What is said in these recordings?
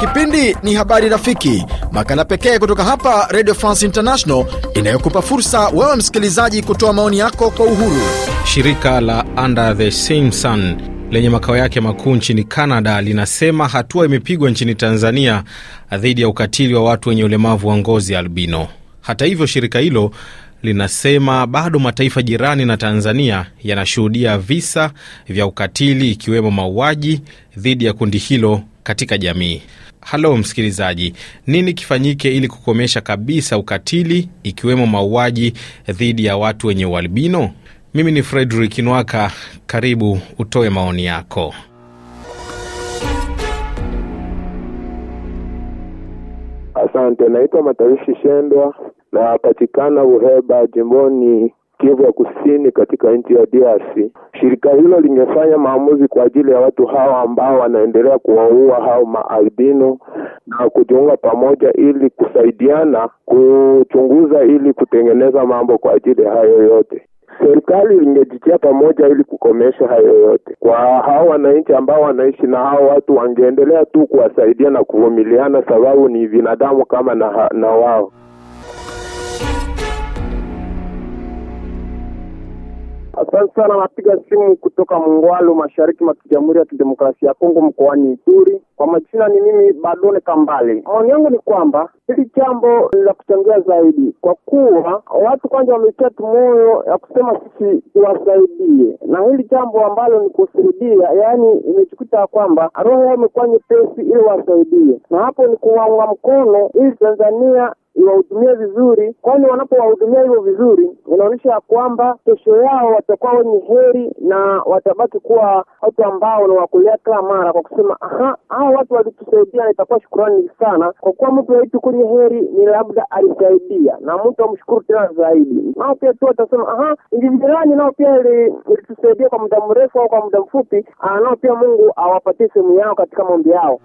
Kipindi ni Habari Rafiki, makala pekee kutoka hapa Radio France International inayokupa fursa wewe msikilizaji kutoa maoni yako kwa uhuru. Shirika la Under the Same Sun lenye makao yake makuu nchini Canada linasema hatua imepigwa nchini Tanzania dhidi ya ukatili wa watu wenye ulemavu wa ngozi albino. Hata hivyo, shirika hilo linasema bado mataifa jirani na Tanzania yanashuhudia visa vya ukatili ikiwemo mauaji dhidi ya kundi hilo katika jamii. Halo msikilizaji, nini kifanyike ili kukomesha kabisa ukatili ikiwemo mauaji dhidi ya watu wenye ualbino? Mimi ni Fredrik Nwaka, karibu utoe maoni yako. Asante, naitwa Matawishi Shendwa, na patikana Uheba jimboni Kivu ya Kusini katika nchi ya DRC. Shirika hilo limefanya maamuzi kwa ajili ya watu hao ambao wanaendelea kuwaua hao maalbino na kujiunga pamoja ili kusaidiana kuchunguza ili kutengeneza mambo kwa ajili ya hayo yote. Serikali ingejitia pamoja ili kukomesha hayo yote. Kwa hao wananchi ambao wanaishi na hao watu, wangeendelea tu kuwasaidia na kuvumiliana, sababu ni binadamu kama na, na wao. Asante sana, napiga simu kutoka Mungwalu, mashariki mwa Jamhuri ya Kidemokrasia ya Kongo, mkoani Ituri. Kwa majina ni mimi Badone Kambale. Maoni yangu ni kwamba hili jambo la kuchangia zaidi, kwa kuwa watu kwanza wametia tumoyo ya kusema sisi tuwasaidie, na hili jambo ambalo ni kusaidia, yaani imejikuta ya kwamba roho yao imekuwa nyepesi ili wasaidie, na hapo ni kuwaunga mkono ili Tanzania iwahudumie vizuri, kwani wanapowahudumia hivyo vizuri, inaonyesha ya kwamba kesho yao watakuwa wenye heri na watabaki kuwa watu ambao ni wakulia kila mara kwa kusema aha, hao watu walitusaidia, na itakuwa shukurani sana kwa kuwa mtu aitu kwenye heri ni labda alisaidia, na mtu amshukuru tena zaidi. Nao pia tu watasema aha, nao pia ilitusaidia kwa muda mrefu au kwa muda mfupi, ah, nao pia Mungu awapatie sehemu yao katika maombi yao.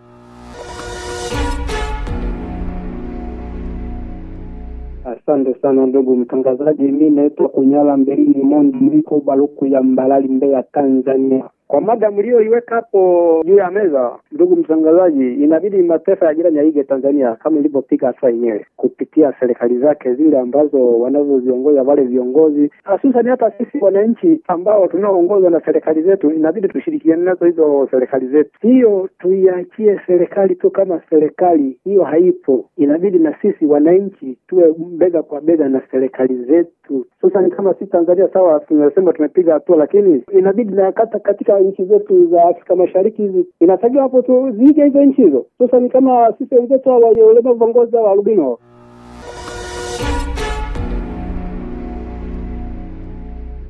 Asante sana ndugu mtangazaji, mi naitwa Kunyala Mberini Mondi, niko Baluku ya Mbalali, Mbeya, Tanzania. Kwa mada mlioiweka hapo juu ya meza, ndugu mtangazaji, inabidi mataifa ya jirani yaige Tanzania kama ilivyopiga hatua yenyewe kupitia serikali zake zile ambazo wanazoziongoza wale viongozi, hususani hata sisi wananchi ambao tunaoongozwa na serikali zetu, inabidi tushirikiane nazo hizo serikali zetu. Hiyo tuiachie serikali tu kama serikali, hiyo haipo. Inabidi na sisi wananchi tuwe bega kwa bega na serikali zetu, hususani kama sisi Tanzania. Sawa, tunasema tumepiga hatua, lakini inabidi na katika nchi zetu za Afrika Mashariki hizi inatajwa hapo tu, ziige hizo nchi hizo, ni kama sisi wenzetu wa ulemavu wa ngozi au albino.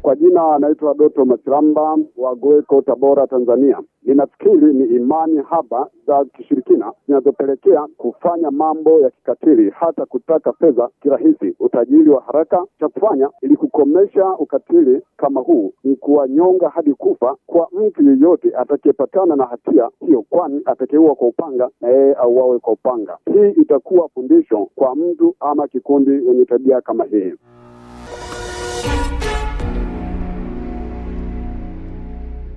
Kwa jina anaitwa Doto Masiramba wa Goeko, Tabora, Tanzania. Ninafikiri ni imani haba za kishirikina zinazopelekea kufanya mambo ya kikatili, hata kutaka fedha kirahisi, utajiri wa haraka. Cha kufanya ili kukomesha ukatili kama huu ni kuwanyonga hadi kufa kwa mtu yeyote atakayepatana na hatia hiyo, kwani atakayeua kwa upanga na yeye auawe kwa upanga. Hii itakuwa fundisho kwa mtu ama kikundi wenye tabia kama hii.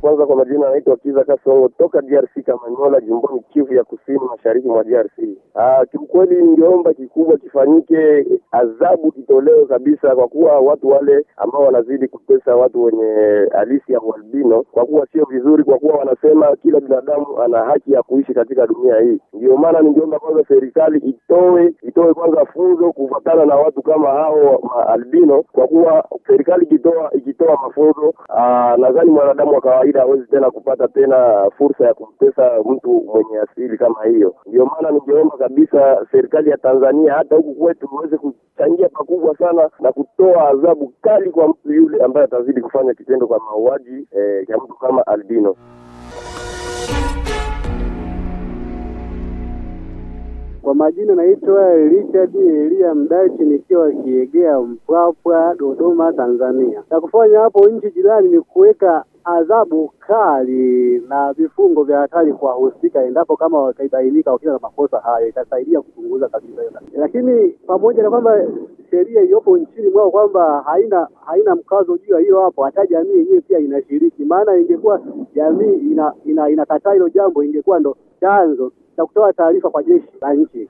kwanza kwa majina anaitwa Kiza Kasongo toka DRC Kamanyola, jimboni Kivu ya kusini mashariki mwa DRC. Ah, kiukweli ningeomba kikubwa kifanyike, adhabu kitolewe kabisa, kwa kuwa watu wale ambao wanazidi kutesa watu wenye halisi ya ualbino, kwa kuwa sio vizuri, kwa kuwa wanasema kila binadamu ana haki ya kuishi katika dunia hii. ndio maana ningeomba kwanza serikali itoe itoe kwanza funzo kufatana na watu kama hao maalbino, kwa kuwa serikali ikitoa ikitoa mafunzo, ah, nadhani mwanadamu wa kawaida mpira hawezi tena kupata tena fursa ya kumtesa mtu mwenye asili kama hiyo. Ndio maana ningeomba kabisa serikali ya Tanzania hata huku kwetu iweze kuchangia pakubwa sana na kutoa adhabu kali kwa mtu yule ambaye atazidi kufanya kitendo kwa mauaji eh, ya mtu kama Albino. Kwa majina naitwa Richard Elia Mdachi, nikiwa Kiegea, Mpwapwa, Dodoma, Tanzania. Na kufanya hapo nchi jirani ni kuweka adhabu kali na vifungo vya hatari kwa husika endapo kama wakaibainika wakiwa na makosa hayo, itasaidia kupunguza kabisa hiyo. Lakini pamoja na kwamba sheria iliyopo nchini mwao kwamba haina haina mkazo juu ya hiyo hapo, hata jamii yenyewe pia inashiriki. Maana ingekuwa jamii inakataa ina, ina hilo jambo, ingekuwa ndo chanzo cha kutoa taarifa kwa jeshi la nchi.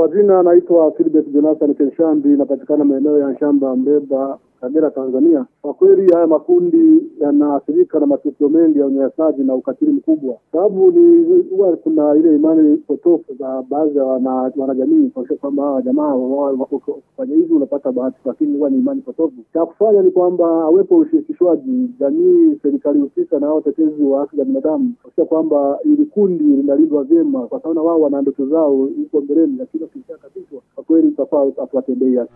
Kwa jina anaitwa Philbert Jonathan Kenshambi, inapatikana maeneo ya Nshamba mbeba Kagera, Tanzania. Kwa kweli haya makundi yanaathirika na matukio mengi ya unyanyasaji na ukatili mkubwa. Sababu ni huwa kuna ile imani potofu za baadhi ya wanajamii kuakisha kwamba hawa jamaa kufanya hivi unapata bahati, lakini huwa ni imani potofu. Cha kufanya ni kwamba awepo ushirikishwaji jamii, serikali husika na watetezi wa haki za binadamu kuakisha kwamba ili kundi linalindwa vyema, kwa sababu wao wana ndoto zao huko mbeleni, lakini wakisha katishwa, kwa kweli itakuwa hatuwatendei haki.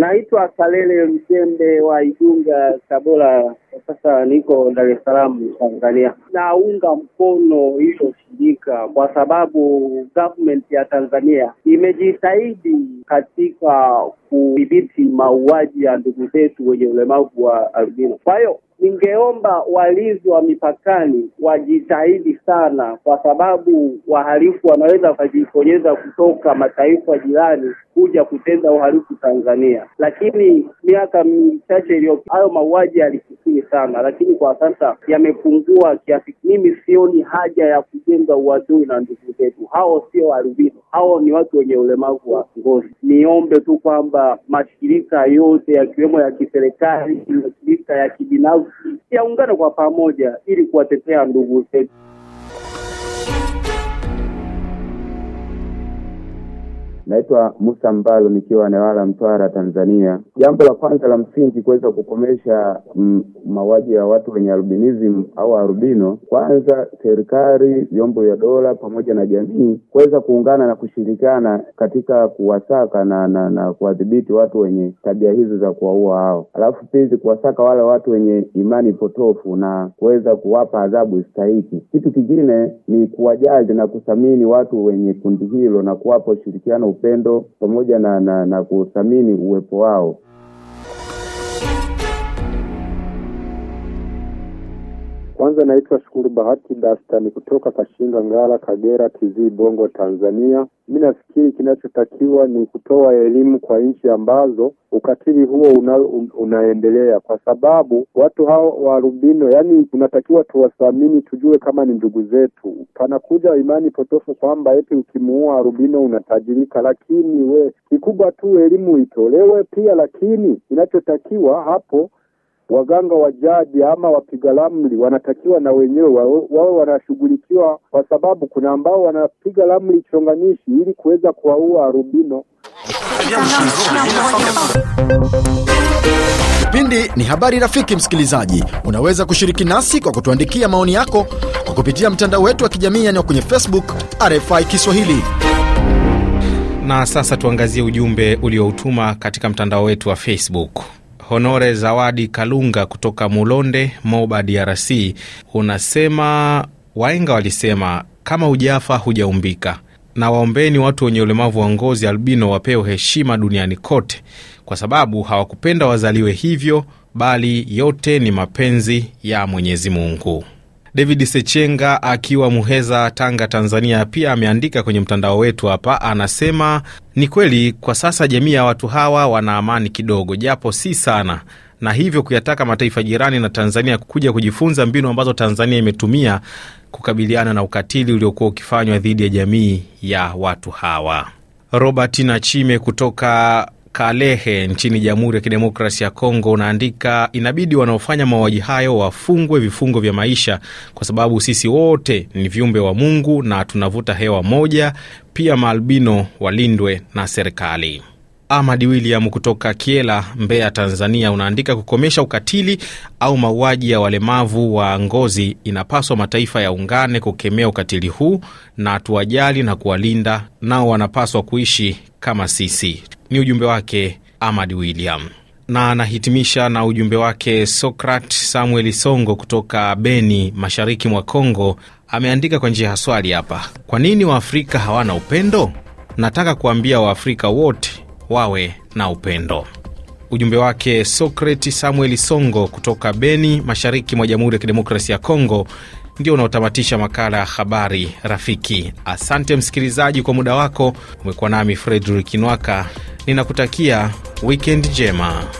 Naitwa Kalele Lusembe wa Igunga, Tabora. Sasa niko Dar es Salaam, Tanzania. Naunga mkono hilo shirika kwa sababu government ya Tanzania imejitahidi katika kudhibiti mauaji ya ndugu zetu wenye ulemavu wa albino. Kwa hiyo ningeomba walinzi wa mipakani wajitahidi sana, kwa sababu wahalifu wanaweza wakajipenyeza kutoka mataifa jirani kuja kutenda uhalifu Tanzania, lakini miaka michache iliyopita hayo mauaji yalikithiri sana, lakini kwa sasa yamepungua kiasi. Mimi sioni haja ya kujenga uadui na ndugu zetu hao, sio albino, hao ni watu wenye ulemavu wa ngozi. Niombe tu kwamba mashirika yote yakiwemo ya kiserikali, mashirika ya kibinafsi yaungane kwa pamoja ili kuwatetea ndugu zetu. Naitwa Musa Mbalo nikiwa Newala, Mtwara, Tanzania. Jambo la kwanza la msingi kuweza kukomesha mm, mauaji ya watu wenye albinism au albino, kwanza serikali, vyombo vya dola pamoja na jamii kuweza kuungana na kushirikiana katika kuwasaka na na, na kuwadhibiti watu wenye tabia hizo za kuwaua hao. Alafu pili, kuwasaka wale watu wenye imani potofu na kuweza kuwapa adhabu stahiki. Kitu kingine ni kuwajali na kuthamini watu wenye kundi hilo na kuwapa ushirikiano upendo pamoja na, na, na kuthamini uwepo wao. kwanza naitwa Shukuru Bahati Dastani kutoka Kashinga, Ngara, Kagera, TV Bongo, Tanzania. Mi nafikiri kinachotakiwa ni kutoa elimu kwa nchi ambazo ukatili huo una, un, unaendelea, kwa sababu watu hao wa rubino, yani unatakiwa tuwathamini, tujue kama ni ndugu zetu. Panakuja imani potofu kwamba eti ukimuua rubino unatajirika, lakini we kikubwa tu elimu itolewe pia, lakini inachotakiwa hapo waganga wa jadi ama wapiga ramli wanatakiwa na wenyewe wawe wa wanashughulikiwa, kwa sababu kuna ambao wanapiga ramli chonganishi ili kuweza kuwaua arubino. Kipindi ni habari rafiki. Msikilizaji, unaweza kushiriki nasi kwa kutuandikia maoni yako kwa kupitia mtandao wetu wa kijamii, yani kwenye Facebook RFI Kiswahili. Na sasa tuangazie ujumbe ulioutuma katika mtandao wetu wa Facebook. Honore Zawadi Kalunga kutoka Mulonde, Moba, DRC, unasema waenga walisema kama hujafa hujaumbika, na waombeni watu wenye ulemavu wa ngozi albino wapewe heshima duniani kote, kwa sababu hawakupenda wazaliwe hivyo, bali yote ni mapenzi ya Mwenyezi Mungu. David Sechenga akiwa Muheza, Tanga, Tanzania, pia ameandika kwenye mtandao wetu hapa, anasema ni kweli kwa sasa jamii ya watu hawa wana amani kidogo, japo si sana na hivyo kuyataka mataifa jirani na Tanzania kuja kujifunza mbinu ambazo Tanzania imetumia kukabiliana na ukatili uliokuwa ukifanywa dhidi ya jamii ya watu hawa. Robert Nachime kutoka Kalehe nchini Jamhuri ya Kidemokrasia ya Kongo unaandika, inabidi wanaofanya mauaji hayo wafungwe vifungo vya maisha, kwa sababu sisi wote ni viumbe wa Mungu na tunavuta hewa moja. Pia maalbino walindwe na serikali. Amadi William kutoka Kiela, Mbeya, Tanzania, unaandika kukomesha ukatili au mauaji ya walemavu wa ngozi, inapaswa mataifa yaungane kukemea ukatili huu na tuwajali na kuwalinda, nao wanapaswa kuishi kama sisi. Ni ujumbe wake Amadi William na anahitimisha na ujumbe wake. Sokrat Samuel Songo kutoka Beni, mashariki mwa Kongo, ameandika kwa njia ya swali hapa: kwa nini Waafrika hawana upendo? Nataka kuambia Waafrika wote wawe na upendo. Ujumbe wake Sokreti Samuel Songo kutoka Beni, mashariki mwa Jamhuri ya Kidemokrasia ya Kongo, ndio unaotamatisha makala ya Habari Rafiki. Asante msikilizaji kwa muda wako. Umekuwa nami Fredrik Nwaka, ninakutakia wikendi njema.